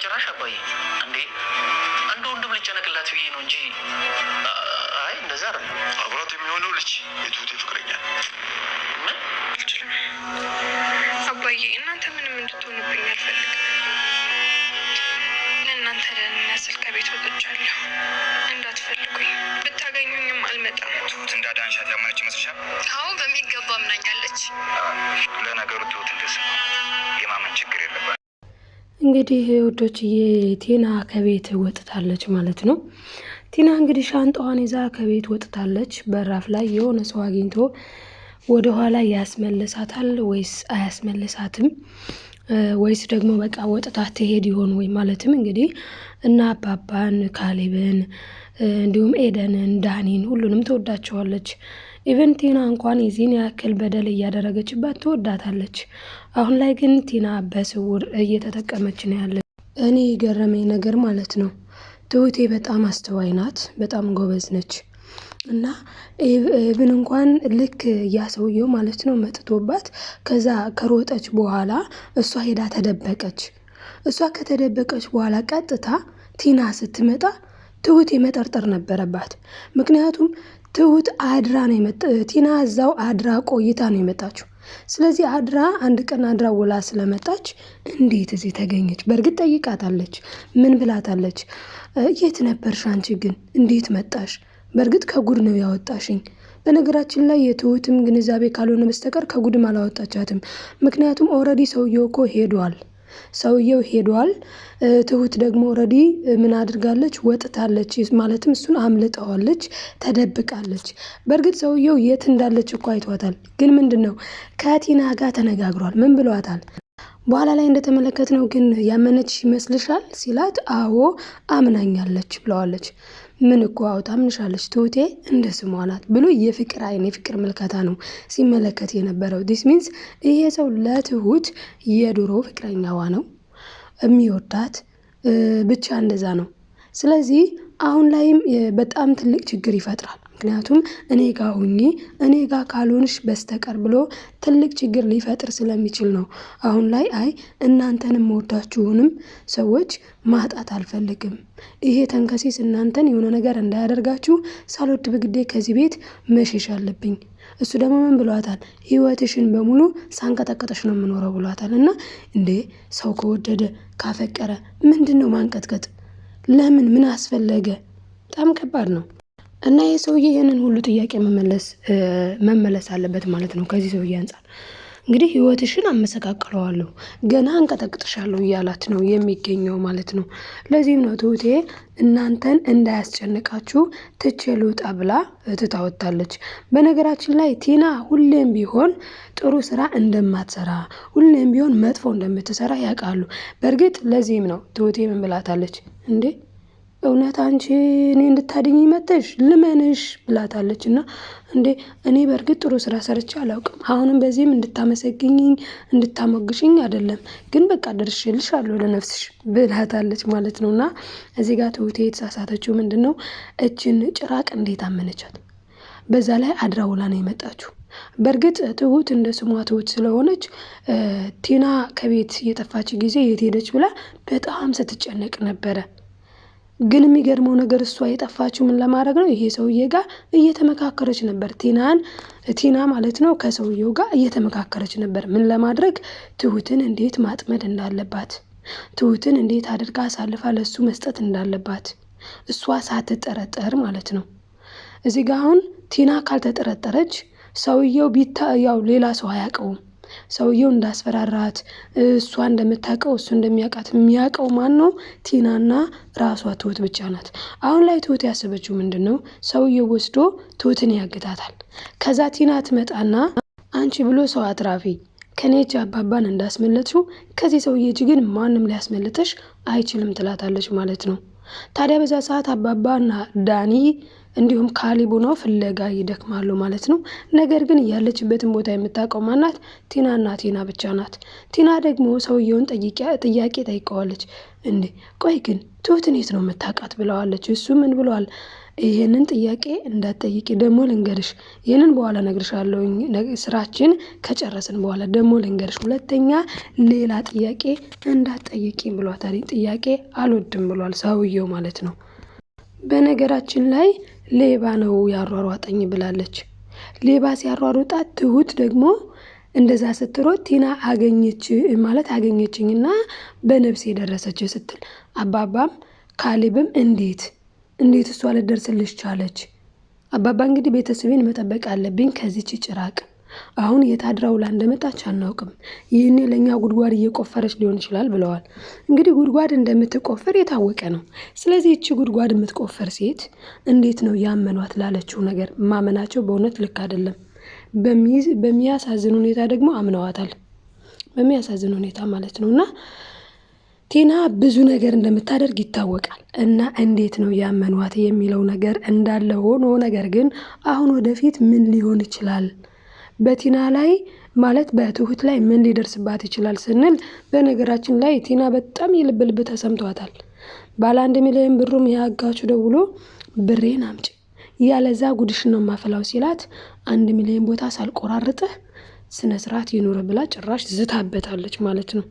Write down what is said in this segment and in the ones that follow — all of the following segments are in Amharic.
በጭራሽ አባዬ እንዴ አንዱ ወንድም ልጨነቅላት ብዬ ነው እንጂ አይ እንደዛ ረ አብራት የሚሆነው ልጅ የትሁቴ ፍቅረኛል። ምን አባዬ፣ እናንተ ምንም እንድትሆንብኝ አልፈልግም። ለእናንተ ደህንነት ስል ከቤት ወጥቻለሁ። እንዳትፈልጉኝ፣ ብታገኙኝም አልመጣም። ትሁት እንዳዳንሻት ያመነች መስሻ አሁን በሚገባ አምናኛለች። ለነገሩ ትሁት እንደስ እንግዲህ ውዶችዬ ቲና ከቤት ወጥታለች ማለት ነው። ቲና እንግዲህ ሻንጣዋን ይዛ ከቤት ወጥታለች። በራፍ ላይ የሆነ ሰው አግኝቶ ወደኋላ ያስመልሳታል ወይስ አያስመልሳትም? ወይስ ደግሞ በቃ ወጥታ ትሄድ ይሆን ወይ? ማለትም እንግዲህ እና አባባን፣ ካሌብን እንዲሁም ኤደንን፣ ዳኒን ሁሉንም ትወዳቸዋለች። ኢቨን ቲና እንኳን የዚህን ያክል በደል እያደረገችባት ትወዳታለች። አሁን ላይ ግን ቲና በስውር እየተጠቀመች ነው ያለ። እኔ የገረመኝ ነገር ማለት ነው ትሁቴ በጣም አስተዋይ ናት፣ በጣም ጎበዝ ነች። እና ኢቭን እንኳን ልክ እያሰውየው ማለት ነው መጥቶባት ከዛ ከሮጠች በኋላ እሷ ሄዳ ተደበቀች። እሷ ከተደበቀች በኋላ ቀጥታ ቲና ስትመጣ ትሁቴ መጠርጠር ነበረባት። ምክንያቱም ትሁት አድራ ነው የመጣ ቲና እዛው አድራ ቆይታ ነው የመጣችው። ስለዚህ አድራ አንድ ቀን አድራ ውላ ስለመጣች እንዴት እዚህ ተገኘች? በእርግጥ ጠይቃታለች። ምን ብላታለች? የት ነበርሽ አንቺ ግን እንዴት መጣሽ? በእርግጥ ከጉድ ነው ያወጣሽኝ። በነገራችን ላይ የትሁትም ግንዛቤ ካልሆነ በስተቀር ከጉድም አላወጣቻትም። ምክንያቱም ኦልሬዲ ሰውየው እኮ ሄዷል። ሰውየው ሄዷል። ትሁት ደግሞ ረዲ ምን አድርጋለች ወጥታለች፣ ማለትም እሱን አምልጠዋለች፣ ተደብቃለች። በእርግጥ ሰውየው የት እንዳለች እኮ አይቷታል። ግን ምንድን ነው ከቲና ጋር ተነጋግሯል። ምን ብሏታል? በኋላ ላይ እንደተመለከት ነው ግን ያመነች ይመስልሻል ሲላት አዎ አምናኛለች ብለዋለች። ምን እኮ አዎ ታምንሻለች ትሁቴ እንደ ስሟ ናት ብሎ የፍቅር አይን የፍቅር ምልከታ ነው ሲመለከት የነበረው። ዲስ ሚንስ ይሄ ሰው ለትሁት የድሮ ፍቅረኛዋ ነው የሚወዳት ብቻ እንደዛ ነው። ስለዚህ አሁን ላይም በጣም ትልቅ ችግር ይፈጥራል። ምክንያቱም እኔ ጋ ሁኚ እኔ ጋ ካልሆንሽ በስተቀር ብሎ ትልቅ ችግር ሊፈጥር ስለሚችል ነው። አሁን ላይ አይ እናንተንም መወዳችሁንም ሰዎች ማጣት አልፈልግም። ይሄ ተንከሲስ እናንተን የሆነ ነገር እንዳያደርጋችሁ ሳልወድ በግዴ ከዚህ ቤት መሸሽ አለብኝ። እሱ ደግሞ ምን ብሏታል? ህይወትሽን በሙሉ ሳንቀጠቀጠሽ ነው የምኖረው ብሏታል። እና እንዴ ሰው ከወደደ ካፈቀረ ምንድን ነው ማንቀጥቀጥ? ለምን ምን አስፈለገ? በጣም ከባድ ነው። እና ይህ ሰውዬ ይህንን ሁሉ ጥያቄ መመለስ መመለስ አለበት ማለት ነው። ከዚህ ሰውዬ አንጻር እንግዲህ ህይወትሽን አመሰቃቅለዋለሁ ገና እንቀጠቅጥሻለሁ እያላት ነው የሚገኘው ማለት ነው። ለዚህም ነው ትሁቴ እናንተን እንዳያስጨንቃችሁ ትቼ ልውጣ ብላ ትታወታለች። በነገራችን ላይ ቲና ሁሌም ቢሆን ጥሩ ስራ እንደማትሰራ ሁሌም ቢሆን መጥፎ እንደምትሰራ ያውቃሉ። በእርግጥ ለዚህም ነው ትሁቴ ምን ብላታለች እንዴ እውነት አንቺ እኔ እንድታድኝ መጥተሽ ልመንሽ ብላታለች። እና እንዴ እኔ በእርግጥ ጥሩ ስራ ሰርቼ አላውቅም። አሁንም በዚህም እንድታመሰግኝኝ እንድታሞግሽኝ አይደለም፣ ግን በቃ ደርሼልሻለሁ ለነፍስሽ ብላታለች ማለት ነው። እና እዚህ ጋር ትሁቴ የተሳሳተችው ምንድን ነው? እችን ጭራቅ እንዴት አመነቻት? በዛ ላይ አድራ ውላ ነው የመጣችው። በእርግጥ ትሁት እንደ ስሟ ትሁት ስለሆነች ቲና ከቤት የጠፋች ጊዜ የት ሄደች ብላ በጣም ስትጨነቅ ነበረ። ግን የሚገርመው ነገር እሷ የጠፋችው ምን ለማድረግ ነው? ይሄ ሰውዬ ጋር እየተመካከረች ነበር። ቲናን ቲና ማለት ነው ከሰውየው ጋር እየተመካከረች ነበር። ምን ለማድረግ ትሁትን እንዴት ማጥመድ እንዳለባት፣ ትሁትን እንዴት አድርጋ አሳልፋ ለሱ መስጠት እንዳለባት እሷ ሳትጠረጠር ማለት ነው። እዚህ ጋ አሁን ቲና ካልተጠረጠረች ሰውየው ቢታ ያው ሌላ ሰው አያውቀውም። ሰውየው እንዳስፈራራት እሷ እንደምታውቀው እሱ እንደሚያውቃት የሚያውቀው ማነው? ቲናና ራሷ ትሁት ብቻ ናት። አሁን ላይ ትሁት ያሰበችው ምንድን ነው? ሰውየው ወስዶ ትሁትን ያግታታል። ከዛ ቲና ትመጣና አንቺ ብሎ ሰው አትራፊ ከኔ እጅ አባባን እንዳስመለጥሽው ከዚህ ሰውዬ እጅ ግን ማንም ሊያስመልጥሽ አይችልም ትላታለች ማለት ነው። ታዲያ በዛ ሰዓት አባባና ዳኒ እንዲሁም ካሊብ ሆነው ፍለጋ ይደክማሉ ማለት ነው። ነገር ግን ያለችበትን ቦታ የምታውቀው ማናት? ቲናና ቲና ብቻ ናት። ቲና ደግሞ ሰውየውን ጥያቄ ጠይቀዋለች። እንዴ ቆይ ግን ትሁትን የት ነው የምታውቃት? ብለዋለች። እሱ ምን ብለዋል? ይህንን ጥያቄ እንዳትጠይቂ ደግሞ ልንገርሽ፣ ይህንን በኋላ እነግርሻለሁ። ስራችን ከጨረስን በኋላ ደግሞ ልንገርሽ፣ ሁለተኛ ሌላ ጥያቄ እንዳትጠይቂ ብሏታል። ጥያቄ አልወድም ብሏል ሰውየው ማለት ነው። በነገራችን ላይ ሌባ ነው ያሯሯጠኝ ብላለች። ሌባ ሲያሯሩጣት ትሁት ደግሞ እንደዛ ስትሮጥ ቲና አገኘች ማለት አገኘችኝና በነብስ የደረሰች ስትል አባባም ካሌብም እንዴት እንዴት እሷ ልደርስልሽ ቻለች? አባባ እንግዲህ ቤተሰቤን መጠበቅ አለብኝ ከዚች ጭራቅ አሁን የት አድራ ውላ እንደመጣች አናውቅም። ይህኔ ለእኛ ጉድጓድ እየቆፈረች ሊሆን ይችላል ብለዋል። እንግዲህ ጉድጓድ እንደምትቆፍር የታወቀ ነው። ስለዚህ ይቺ ጉድጓድ የምትቆፈር ሴት እንዴት ነው ያመኗት ላለችው ነገር ማመናቸው በእውነት ልክ አይደለም። በሚያሳዝን ሁኔታ ደግሞ አምነዋታል። በሚያሳዝን ሁኔታ ማለት ነው እና ቴና ብዙ ነገር እንደምታደርግ ይታወቃል እና እንዴት ነው ያመኗት የሚለው ነገር እንዳለ ሆኖ ነገር ግን አሁን ወደፊት ምን ሊሆን ይችላል በቲና ላይ ማለት በትሁት ላይ ምን ሊደርስባት ይችላል ስንል፣ በነገራችን ላይ ቲና በጣም የልብ ልብ ተሰምቷታል። ባለ አንድ ሚሊዮን ብሩም ያጋቹ ደውሎ ብሬን አምጪ ያለዛ ጉድሽ ነው ማፈላው ሲላት፣ አንድ ሚሊዮን ቦታ ሳልቆራርጥህ ስነ ስርዓት ይኑር ብላ ጭራሽ ዝታበታለች ማለት ነው።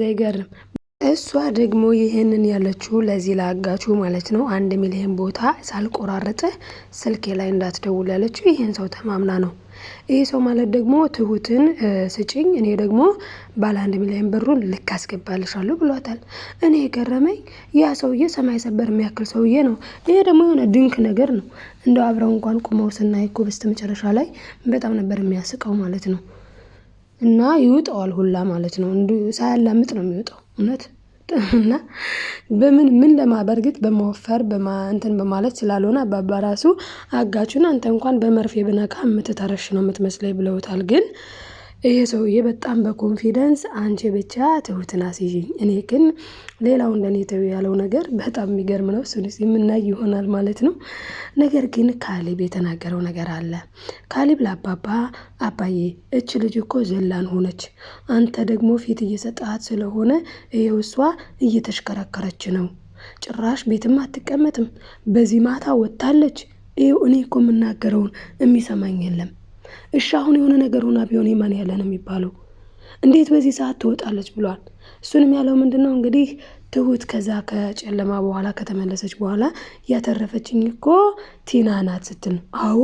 ዘይገርም። እሷ ደግሞ ይህንን ያለችው ለዚህ ለአጋቹ ማለት ነው። አንድ ሚሊዮን ቦታ ሳልቆራርጥህ ስልኬ ላይ እንዳትደውል ያለችው ይህን ሰው ተማምና ነው። ይሄ ሰው ማለት ደግሞ ትሁትን ስጭኝ እኔ ደግሞ ባለ አንድ ሚሊዮን ብሩን ልክ አስገባልሻለሁ ብሏታል። እኔ የገረመኝ ያ ሰውዬ ሰማይ ሰበር የሚያክል ሰውዬ ነው። ይሄ ደግሞ የሆነ ድንክ ነገር ነው። እንደው አብረው እንኳን ቁመው ስናይ እኮ በስተ መጨረሻ ላይ በጣም ነበር የሚያስቀው ማለት ነው። እና ይውጠዋል ሁላ ማለት ነው። እንዲሁ ሳያላምጥ ነው የሚወጣው እውነት እና በምን ምን ለማበርግት በመወፈር እንትን በማለት ስላልሆነ አባባ ራሱ አጋቹን አንተ እንኳን በመርፌ ብነካ የምትተረሽ ነው የምትመስለኝ ብለውታል ግን ይሄ ሰውዬ በጣም በኮንፊደንስ አንቺ ብቻ ትሁትን አስይዥኝ፣ እኔ ግን ሌላው እንደኔ ተው ያለው ነገር በጣም የሚገርም ነው። እሱን የምናይ ይሆናል ማለት ነው። ነገር ግን ካሊብ የተናገረው ነገር አለ። ካሊብ ለአባባ አባዬ፣ እች ልጅ እኮ ዘላን ሆነች፣ አንተ ደግሞ ፊት እየሰጣት ስለሆነ ይሄው እሷ እየተሽከረከረች ነው። ጭራሽ ቤትም አትቀመጥም። በዚህ ማታ ወጥታለች። ይኸው እኔ እኮ የምናገረውን የሚሰማኝ የለም እሺ አሁን የሆነ ነገር ሆና ቢሆን ማን ያለ ነው የሚባለው? እንዴት በዚህ ሰዓት ትወጣለች ብሏል። እሱንም ያለው ምንድን ነው እንግዲህ ትሁት ከዛ ከጨለማ በኋላ ከተመለሰች በኋላ ያተረፈችኝ እኮ ቲና ናት ስትል አዎ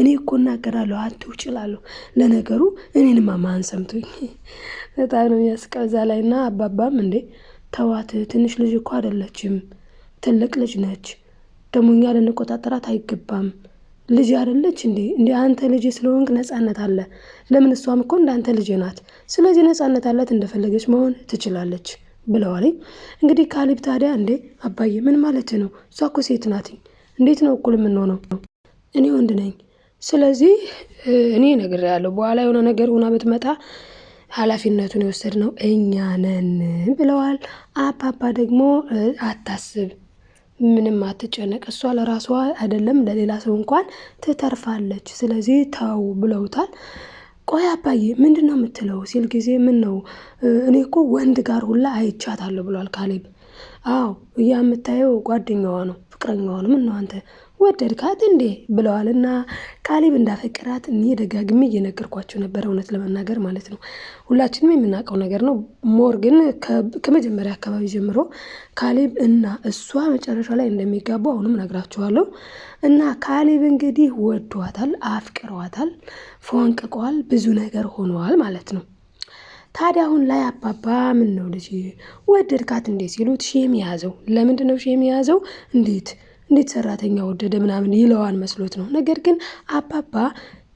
እኔ እኮ እናገራለሁ አትውጭ እላለሁ። ለነገሩ እኔንማ ማን ሰምቶኝ። በጣም ነው የሚያስቀው እዛ ላይ እና አባባም እንዴ ተዋት፣ ትንሽ ልጅ እኮ አይደለችም፣ ትልቅ ልጅ ነች። ደግሞ እኛ ልንቆጣጠራት አይገባም ልጅ አደለች እንዴ? እንደ አንተ ልጅ ስለሆንክ ነጻነት አለ። ለምን እሷም እኮ እንዳንተ ልጅ ናት። ስለዚህ ነጻነት አላት፣ እንደፈለገች መሆን ትችላለች ብለዋል። እንግዲህ ካሊብ ታዲያ እንዴ አባዬ ምን ማለት ነው? እሷ እኮ ሴት ናት። እንዴት ነው እኩል የምንሆነው? እኔ ወንድ ነኝ። ስለዚህ እኔ ያለው በኋላ የሆነ ነገር ሆና ብትመጣ ኃላፊነቱን ነው እኛ ነን ብለዋል። አፓፓ ደግሞ አታስብ ምንም አትጨነቅ፣ እሷ ለራሷ አይደለም ለሌላ ሰው እንኳን ትተርፋለች፣ ስለዚህ ተው ብለውታል። ቆይ አባዬ ምንድን ነው የምትለው ሲል ጊዜ ምን ነው እኔ እኮ ወንድ ጋር ሁላ አይቻታለሁ ብሏል ካሌብ። አዎ እያ የምታየው ጓደኛዋ ነው ፍቅረኛዋ ነው። ምን ነው አንተ ወደድካት እንዴ ብለዋልና ቃሌብ እንዳፈቅራት እኔ ደጋግሜ እየነገርኳቸው ነበረ፣ እውነት ለመናገር ማለት ነው ሁላችንም የምናውቀው ነገር ነው። ሞር ግን ከመጀመሪያ አካባቢ ጀምሮ ካሌብ እና እሷ መጨረሻ ላይ እንደሚጋቡ አሁንም ነግራችኋለሁ። እና ካሌብ እንግዲህ ወዷታል፣ አፍቅሯታል፣ ፎንቅቋል ብዙ ነገር ሆነዋል ማለት ነው። ታዲያ አሁን ላይ አባባ ምን ነው ልጅ ወደድካት እንዴ ሲሉት ሼም የያዘው ለምንድን ነው ሼም የያዘው? እንዴት እንዴት ሰራተኛ ወደደ ምናምን ይለዋል መስሎት ነው። ነገር ግን አባባ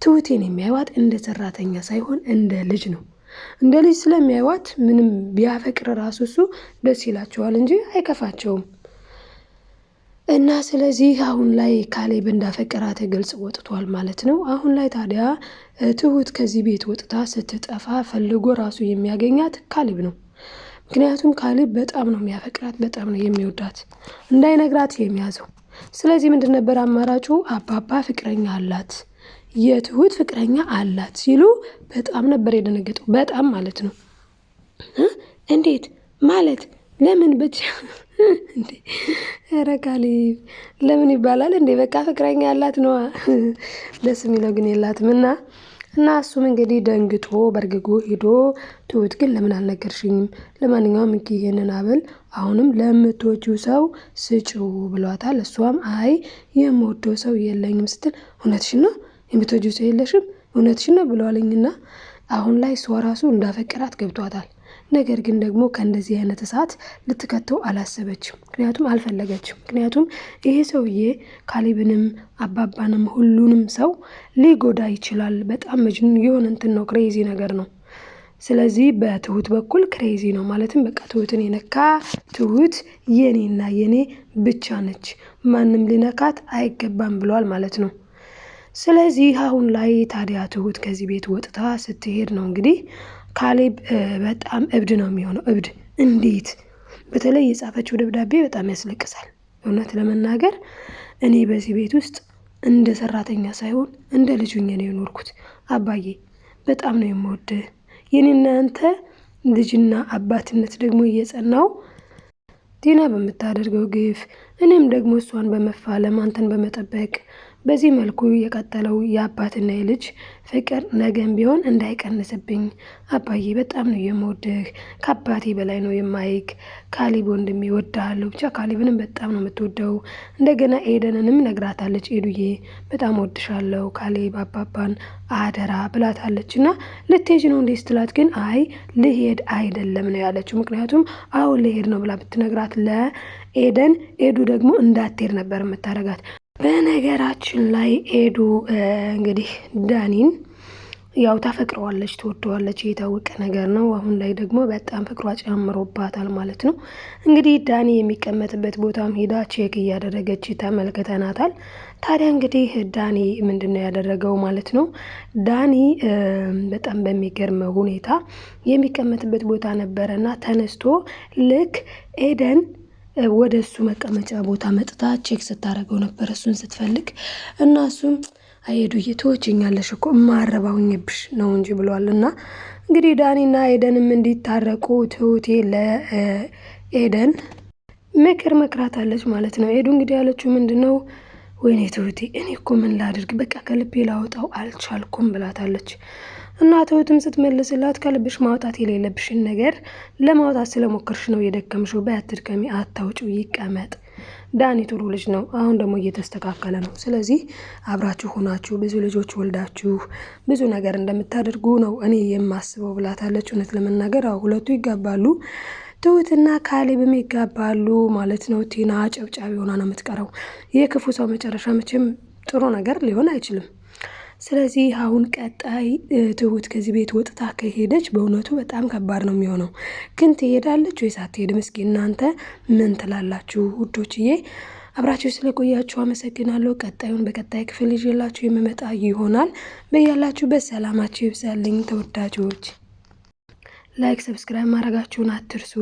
ትሁቴን የሚያይዋት እንደ ሰራተኛ ሳይሆን እንደ ልጅ ነው። እንደ ልጅ ስለሚያይዋት ምንም ቢያፈቅር ራሱ እሱ ደስ ይላቸዋል እንጂ አይከፋቸውም። እና ስለዚህ አሁን ላይ ካሌብ እንዳፈቀራት ግልጽ ወጥቷል ማለት ነው። አሁን ላይ ታዲያ ትሁት ከዚህ ቤት ወጥታ ስትጠፋ ፈልጎ ራሱ የሚያገኛት ካሌብ ነው። ምክንያቱም ካሌብ በጣም ነው የሚያፈቅራት፣ በጣም ነው የሚወዳት እንዳይነግራት የሚያዘው። ስለዚህ ምንድን ነበር አማራጩ? አባባ ፍቅረኛ አላት፣ የትሁት ፍቅረኛ አላት ሲሉ በጣም ነበር የደነገጠው። በጣም ማለት ነው። እንዴት ማለት ለምን ብቻ ኧረ ካሌብ ለምን ይባላል እንዴ? በቃ ፍቅረኛ ያላት ነዋ። ደስ የሚለው ግን የላትም እና እና እሱም እንግዲህ ደንግጦ በርግጎ ሄዶ ትሁት ግን ለምን አልነገርሽኝም? ለማንኛውም እንኪ ይህንን አሁንም ለምትወጂው ሰው ስጭው ብሏታል። እሷም አይ የምወደው ሰው የለኝም ስትል እውነትሽ ነው የምትወጂው ሰው የለሽም እውነትሽ ነው ብለዋለኝና አሁን ላይ እሷ ራሱ እንዳፈቀራት ገብቷታል። ነገር ግን ደግሞ ከእንደዚህ አይነት እሳት ልትከተው አላሰበችም። ምክንያቱም አልፈለገችም። ምክንያቱም ይሄ ሰውዬ ካሌብንም አባባንም ሁሉንም ሰው ሊጎዳ ይችላል። በጣም መጅኑን የሆነ እንትን ነው፣ ክሬዚ ነገር ነው። ስለዚህ በትሁት በኩል ክሬዚ ነው ማለትም በቃ ትሁትን የነካ ትሁት የኔና የኔ ብቻ ነች፣ ማንም ሊነካት አይገባም ብሏል ማለት ነው። ስለዚህ አሁን ላይ ታዲያ ትሁት ከዚህ ቤት ወጥታ ስትሄድ ነው እንግዲህ ካሌብ በጣም እብድ ነው የሚሆነው። እብድ እንዴት! በተለይ የጻፈችው ደብዳቤ በጣም ያስለቅሳል። እውነት ለመናገር እኔ በዚህ ቤት ውስጥ እንደ ሰራተኛ ሳይሆን እንደ ልጁኛ ነው የኖርኩት። አባዬ በጣም ነው የምወድህ። የኔና ልጅና አባትነት ደግሞ እየጸናው ዲና በምታደርገው ግፍ እኔም ደግሞ እሷን በመፋለም አንተን በመጠበቅ በዚህ መልኩ የቀጠለው የአባትና የልጅ ፍቅር ነገም ቢሆን እንዳይቀንስብኝ፣ አባዬ በጣም ነው የምወድህ፣ ከአባቴ በላይ ነው የማይክ፣ ካሊብ ወንድም እወድሃለሁ። ብቻ ካሊብንም በጣም ነው የምትወደው። እንደገና ኤደንንም ነግራታለች፣ ኤዱዬ በጣም ወድሻለሁ፣ ካሊብ አባባን አደራ ብላታለች። እና ልትሄጂ ነው እንዴ ስትላት ግን አይ ልሄድ አይደለም ነው ያለችው። ምክንያቱም አሁን ልሄድ ነው ብላ ብትነግራት ለኤደን ኤዱ ደግሞ እንዳትሄድ ነበር የምታደርጋት በነገራችን ላይ ኤዱ እንግዲህ ዳኒን ያው ታፈቅረዋለች፣ ትወደዋለች፣ የታወቀ ነገር ነው። አሁን ላይ ደግሞ በጣም ፍቅሯ ጨምሮባታል ማለት ነው። እንግዲህ ዳኒ የሚቀመጥበት ቦታም ሄዳ ቼክ እያደረገች ተመልክተናታል። ታዲያ እንግዲህ ዳኒ ምንድን ነው ያደረገው ማለት ነው? ዳኒ በጣም በሚገርም ሁኔታ የሚቀመጥበት ቦታ ነበረ እና ተነስቶ ልክ ኤደን ወደ እሱ መቀመጫ ቦታ መጥታ ቼክ ስታደርገው ነበር እሱን ስትፈልግ እና እሱም አየዱዬ ትወጪኛለሽ እኮ ማረባውኝብሽ ነው እንጂ ብሏል። እና እንግዲህ ዳኒና ኤደንም እንዲታረቁ ትሁቴ ለኤደን ምክር መክራታለች ማለት ነው። ኤዱ እንግዲህ ያለችው ምንድን ነው? ወይኔ ትሁቴ እኔ እኮ ምን ላድርግ፣ በቃ ከልቤ ላወጣው አልቻልኩም ብላታለች። እና አቶ እህትም ስትመልስላት ከልብሽ ማውጣት የሌለብሽን ነገር ለማውጣት ስለሞከርሽ ነው የደከምሽው። በአትድከሚ፣ አታውጪው፣ ይቀመጥ። ዳኒ ጥሩ ልጅ ነው። አሁን ደግሞ እየተስተካከለ ነው። ስለዚህ አብራችሁ ሆናችሁ ብዙ ልጆች ወልዳችሁ ብዙ ነገር እንደምታደርጉ ነው እኔ የማስበው ብላታለች። እውነት ለመናገር አዎ ሁለቱ ይጋባሉ። ትሁትና ካሌብም ይጋባሉ ማለት ነው። ቲና ጨብጫቢ ሆና ነው የምትቀረው። የክፉ ሰው መጨረሻ መቼም ጥሩ ነገር ሊሆን አይችልም። ስለዚህ አሁን ቀጣይ ትሁት ከዚህ ቤት ወጥታ ከሄደች በእውነቱ በጣም ከባድ ነው የሚሆነው። ግን ትሄዳለች ወይስ አትሄድም? እስኪ እናንተ ምን ትላላችሁ ውዶችዬ? አብራችሁ ስለቆያችሁ አመሰግናለሁ። ቀጣዩን በቀጣይ ክፍል ይዤላችሁ የምመጣ ይሆናል። በያላችሁበት ሰላማችሁ ይብዛልኝ ተወዳጆች። ላይክ፣ ሰብስክራይብ ማድረጋችሁን አትርሱ።